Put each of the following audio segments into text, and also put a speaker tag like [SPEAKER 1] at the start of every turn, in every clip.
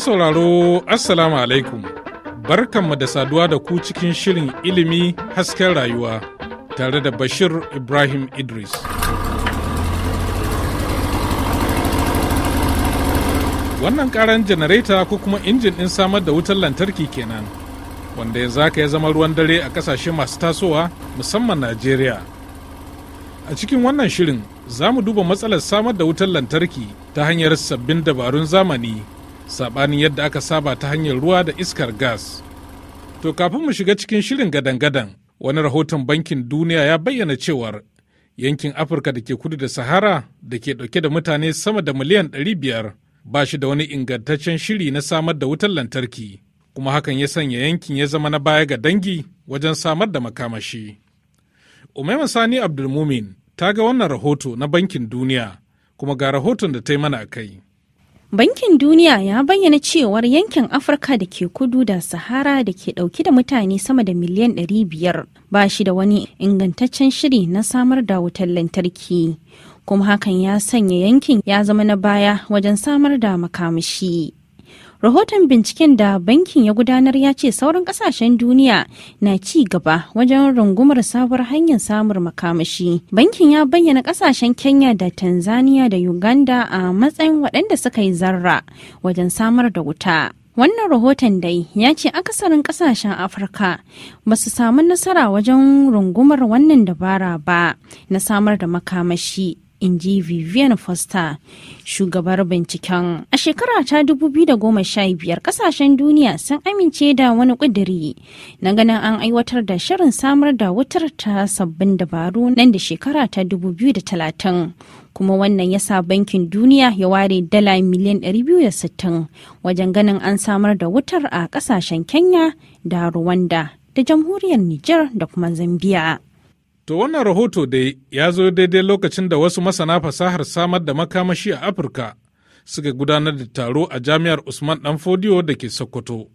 [SPEAKER 1] sauraro Assalamu alaikum. Barkanmu da saduwa da ku cikin shirin ilimi hasken rayuwa tare da Bashir Ibrahim Idris. Wannan karan janareta ko kuma injin ɗin samar da wutar lantarki kenan, wanda yanzu aka ya zama ruwan dare a ƙasashe masu tasowa musamman Najeriya. A cikin wannan shirin za mu duba matsalar samar da wutar lantarki ta hanyar sabbin dabarun zamani saɓanin yadda aka saba ta hanyar ruwa da iskar gas. To kafin mu shiga cikin shirin gadan-gadan, wani rahoton bankin duniya ya bayyana cewar yankin Afirka da ke kudu da Sahara da ke ɗauke da mutane sama da miliyan 500 ba shi da wani ingantaccen shiri na samar da wutar lantarki, kuma hakan ya sanya yankin ya zama na baya ga dangi wajen samar da makamashi. Umaima Sani Abdulmumin ta ga wannan rahoto na Bankin Duniya, kuma ga rahoton da ta yi mana a kai.
[SPEAKER 2] Bankin Duniya ya bayyana cewar yankin Afirka da ke kudu da Sahara da ke dauki da mutane sama da miliyan 500 ba shi da wani ingantaccen shiri na samar da wutar lantarki. Kuma hakan ya sanya yankin ya zama na baya wajen samar da makamashi. rahoton binciken da bankin ya gudanar ya ce sauran kasashen duniya na ci gaba wajen rungumar sabuwar hanyar samun makamashi bankin ya bayyana kasashen kenya da tanzania da uganda a matsayin waɗanda suka yi zarra wajen samar da wuta wannan rahoton dai ya ce akasarin kasashen afirka ba su samu nasara wajen rungumar wannan dabara ba na samar da makamashi in ji vivian foster shugabar binciken a shekara ta 2015 kasashen duniya sun amince da wani ƙudiri na ganin an aiwatar da shirin samar da wutar ta sabbin dabaru nan da shekara ta 2030 kuma wannan ya sa bankin duniya ya ware dala miliyan 260 wajen ganin an samar da wutar a kasashen kenya da rwanda da jamhuriyar niger da kuma zambia
[SPEAKER 1] To wannan rahoto da ya zo daidai lokacin da wasu masana fasahar samar da makamashi a Afirka suka gudanar da taro a jami'ar Usman Danfodiyo da ke Sokoto,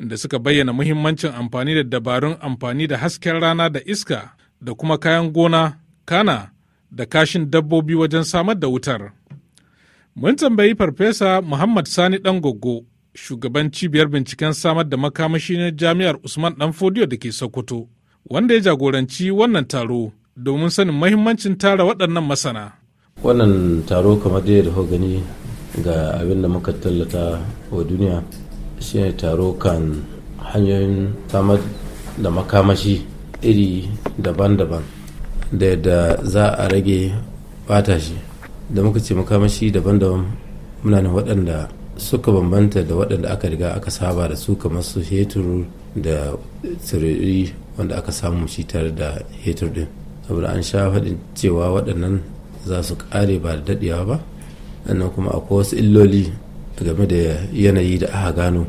[SPEAKER 1] inda suka bayyana muhimmancin amfani da dabarun amfani da hasken rana da iska da kuma kayan gona, kana da kashin dabbobi wajen samar da wutar. Mun tambayi Farfesa Muhammad Sani Dangogo, shugaban cibiyar binciken samar da makamashi na jami'ar Usman Danfodiyo da ke Sokoto. wanda ya jagoranci wannan taro domin sanin mahimmancin tara waɗannan masana.
[SPEAKER 3] Wannan taro kamar da kuka gani ga abin da muka tallata wa duniya shine taro kan hanyoyin samar da makamashi iri daban-daban da yadda za a rage bata shi da muka ce makamashi daban-daban muna ne waɗanda suka bambanta da waɗanda aka riga aka saba da su kamar su hetur da tsiriri wanda aka samu shi tare da hetur din saboda an sha faɗin cewa waɗannan za su ƙare ba da daɗewa ba sannan kuma akwai wasu illoli game da yanayi da aka gano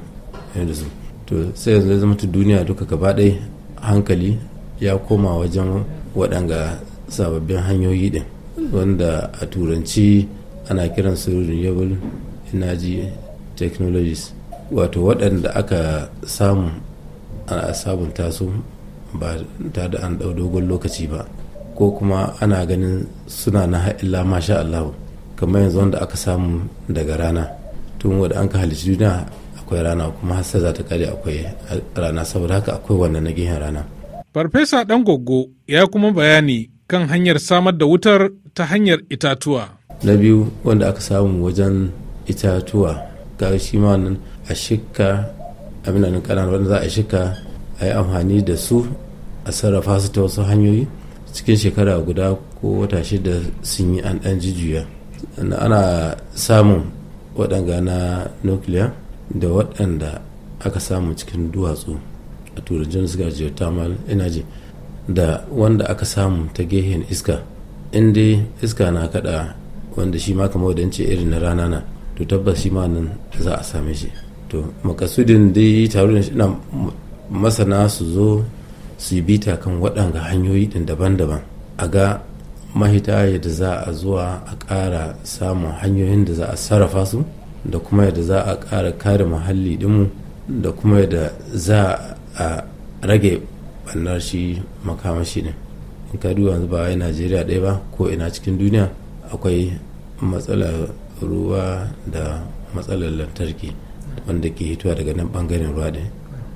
[SPEAKER 3] yanzu to sai yanzu zama ta duniya duka gaba ɗai hankali ya koma wajen waɗanga sababbin hanyoyi ɗin wanda a turanci ana kiran su renewable energy technologies wato waɗanda aka samu a sabunta su ba ta da an ɗau dogon lokaci ba ko kuma ana ganin suna na ha'illa masha allahu kamar yanzu wanda aka samu daga rana tun wanda an ka halici duniya akwai rana kuma hasa za ta kare akwai rana saboda haka akwai wannan na gihin rana
[SPEAKER 1] farfesa ɗan goggo ya kuma bayani kan hanyar samar da wutar ta hanyar itatuwa
[SPEAKER 3] na biyu wanda aka samu wajen itatuwa ga shi ma wannan a shika abin kanan wanda za a shika a yi amfani da su a sarrafa su ta wasu hanyoyi cikin shekara guda ko wata shida sun yi an ɗan jijiya ana samun waɗanga na nukiliya da waɗanda aka samu cikin duwatsu a turancin suka geothermal energy da wanda aka samu ta gehen iska in dai iska na kada wanda shi ma kamar wadance irin na rana na to tabbas shi ma nan za a same shi to makasudin dai taro na masana su zo su yi bita kan waɗanga hanyoyi ɗin daban-daban a ga mahita yadda za a zuwa a ƙara samun hanyoyin da za a sarrafa su da kuma yadda za a ƙara kare muhalli dinmu da kuma yadda za a rage ɓannar shi makamashi ne in ka duba yanzu ba wai najeriya ɗaya ba ko ina cikin duniya akwai matsalar ruwa da matsalar lantarki wanda ke hitowa daga nan ɓangaren ruwa ɗaya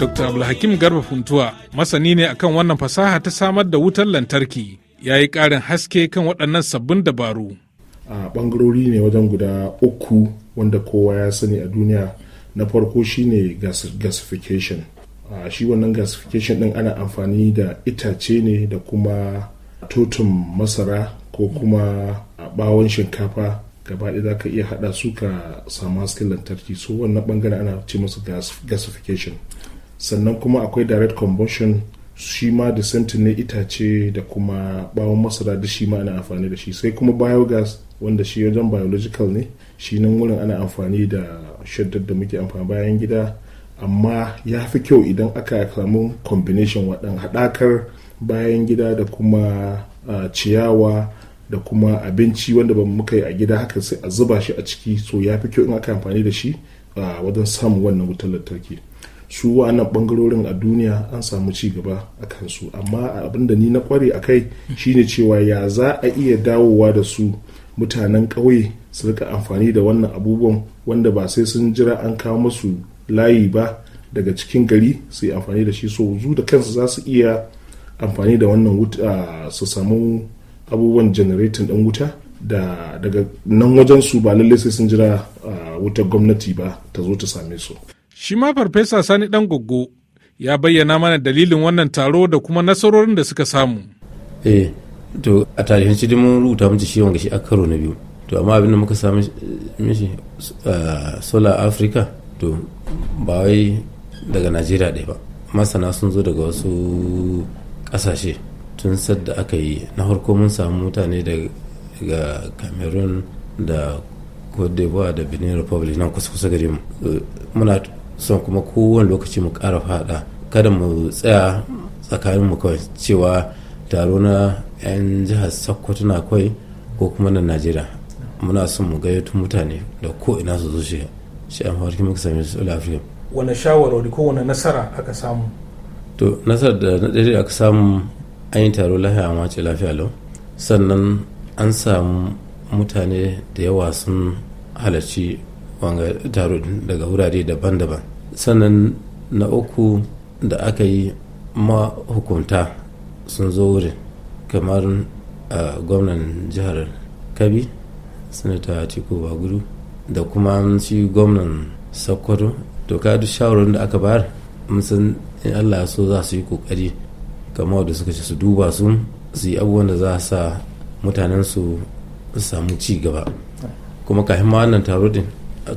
[SPEAKER 1] Dr. Abdulhakim Garba Funtuwa masani ne akan wannan fasaha ta samar da wutar lantarki ya yi karin haske kan waɗannan sabbin dabaru.
[SPEAKER 4] A ɓangarori ne wajen guda uku wanda kowa ya sani a duniya na farko shine ne gasification. a shi wannan gasification ɗin ana amfani da itace ne da kuma totun masara ko kuma ɓawon shinkafa gaba ɗaya za ka iya haɗa su ka samu hasken lantarki so wannan ɓangare ana ce musu gasification sannan kuma akwai direct combustion shi ma da ne itace da kuma bawon masara da shi ma ana amfani da shi sai kuma biogas wanda shi wajen biological ne shi nan wurin ana amfani da shaddar da muke amfani bayan gida amma ya fi kyau idan aka samu combination waɗan haɗakar bayan gida da kuma ciyawa da kuma abinci wanda ba muka yi a gida haka sai a zuba shi a ciki so ya fi kyau in aka amfani da shi wajen samun wannan wutar lantarki su wa'annan bangarorin a duniya an samu ci gaba a kansu amma abin da ni na kware a kai shine cewa ya za a iya dawowa da su mutanen ƙauye su rika amfani da wannan abubuwan wanda ba sai sun jira an kawo masu layi ba daga cikin gari su yi amfani da shi so zu da kansu za su iya amfani da wannan wuta su samu abubuwan janaretin ɗin wuta da daga nan wajen su ba lallai sai sun jira ah, wutar gwamnati ba ta zo ta same su
[SPEAKER 1] Shi ma Farfesa Sani ɗan goggo ya bayyana mana dalilin wannan taro da kuma nasarorin da suka samu.
[SPEAKER 3] Eh, to a tarihin shi mun rubuta mace shi wanga shi a karo na biyu. To amma abin da muka sami mishi ah, Solar Africa to ba wai daga Najeriya ɗaya ba. Masana sun zo daga wasu ƙasashe tun sadda aka yi na farko mun samu mutane daga Cameroon da Cote d'Ivoire da Benin Republic nan kusa-kusa gare mu. Eh, muna son kuma kowane lokaci mu ƙara fada kada mu tsaya tsakanin mu kawai cewa taro na 'yan jihar sokoto na kawai ko kuma na najeriya muna son mu gayyato mutane da ko ina su zo shiga shi an farki muka same su afirka
[SPEAKER 1] wani shawarwari ko wani nasara aka samu
[SPEAKER 3] to nasarar da na ɗari aka samu an yi taro lafiya amma ce lafiya lau sannan an samu mutane da yawa sun halarci wanga taro daga wurare daban-daban sannan na uku da aka yi mahukunta sun zo wurin kamar gwamnan jihar kabi sanata tiko da kuma shi gwamnan sokoto to ka duk shawarar da aka bayar san in allah so za su yi kokari kamar da suka ce su duba su su yi abubuwan da za sa mutanen su samu ci gaba kuma kafin ma wannan taro din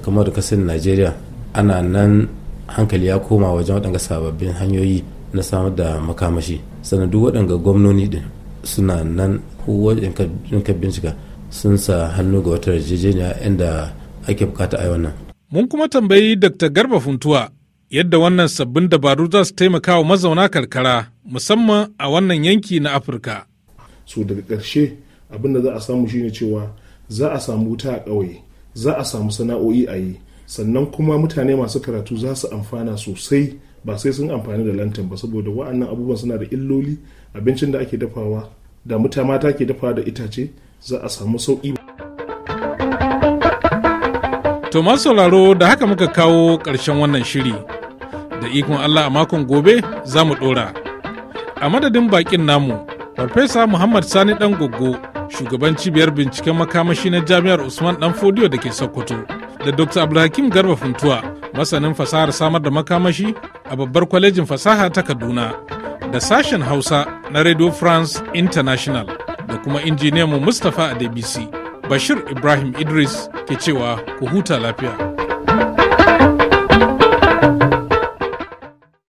[SPEAKER 3] kamar da kasar najeriya ana nan hankali ya koma wajen waɗanga sababbin hanyoyi na samar da makamashi sannan duk waɗanga gwamnoni din suna nan in ka bincika sun sa hannu ga wata yarjejeniya inda ake bukata a wannan.
[SPEAKER 1] mun kuma tambayi dr garba funtuwa yadda wannan sabbin dabaru za su taimaka wa mazauna karkara musamman a wannan yanki na afirka
[SPEAKER 4] so daga ƙarshe abin da za a samu shine cewa za a samu wuta a ƙauye za a samu sana'o'i a yi sannan kuma mutane masu karatu za su amfana sosai ba sai sun amfani da lantan ba saboda wa'annan abubuwan suna da illoli abincin da ake dafawa da muta mata ke dafawa da itace za a samu sauƙi.
[SPEAKER 1] To masu sauraro da haka muka kawo ƙarshen wannan shiri da ikon Allah a makon gobe za mu ɗora. A madadin baƙin namu, Farfesa Muhammad Sani ɗan goggo shugaban cibiyar binciken makamashi na jami'ar Usman ɗan Fodiyo da ke Sokoto. da Dr. Abdulhakim Garba Funtuwa, masanin fasahar samar da makamashi a babbar kwalejin fasaha ta Kaduna, da sashen Hausa na Radio France International da kuma mu Mustapha Adebisi. Bashir Ibrahim Idris ke cewa ku huta lafiya.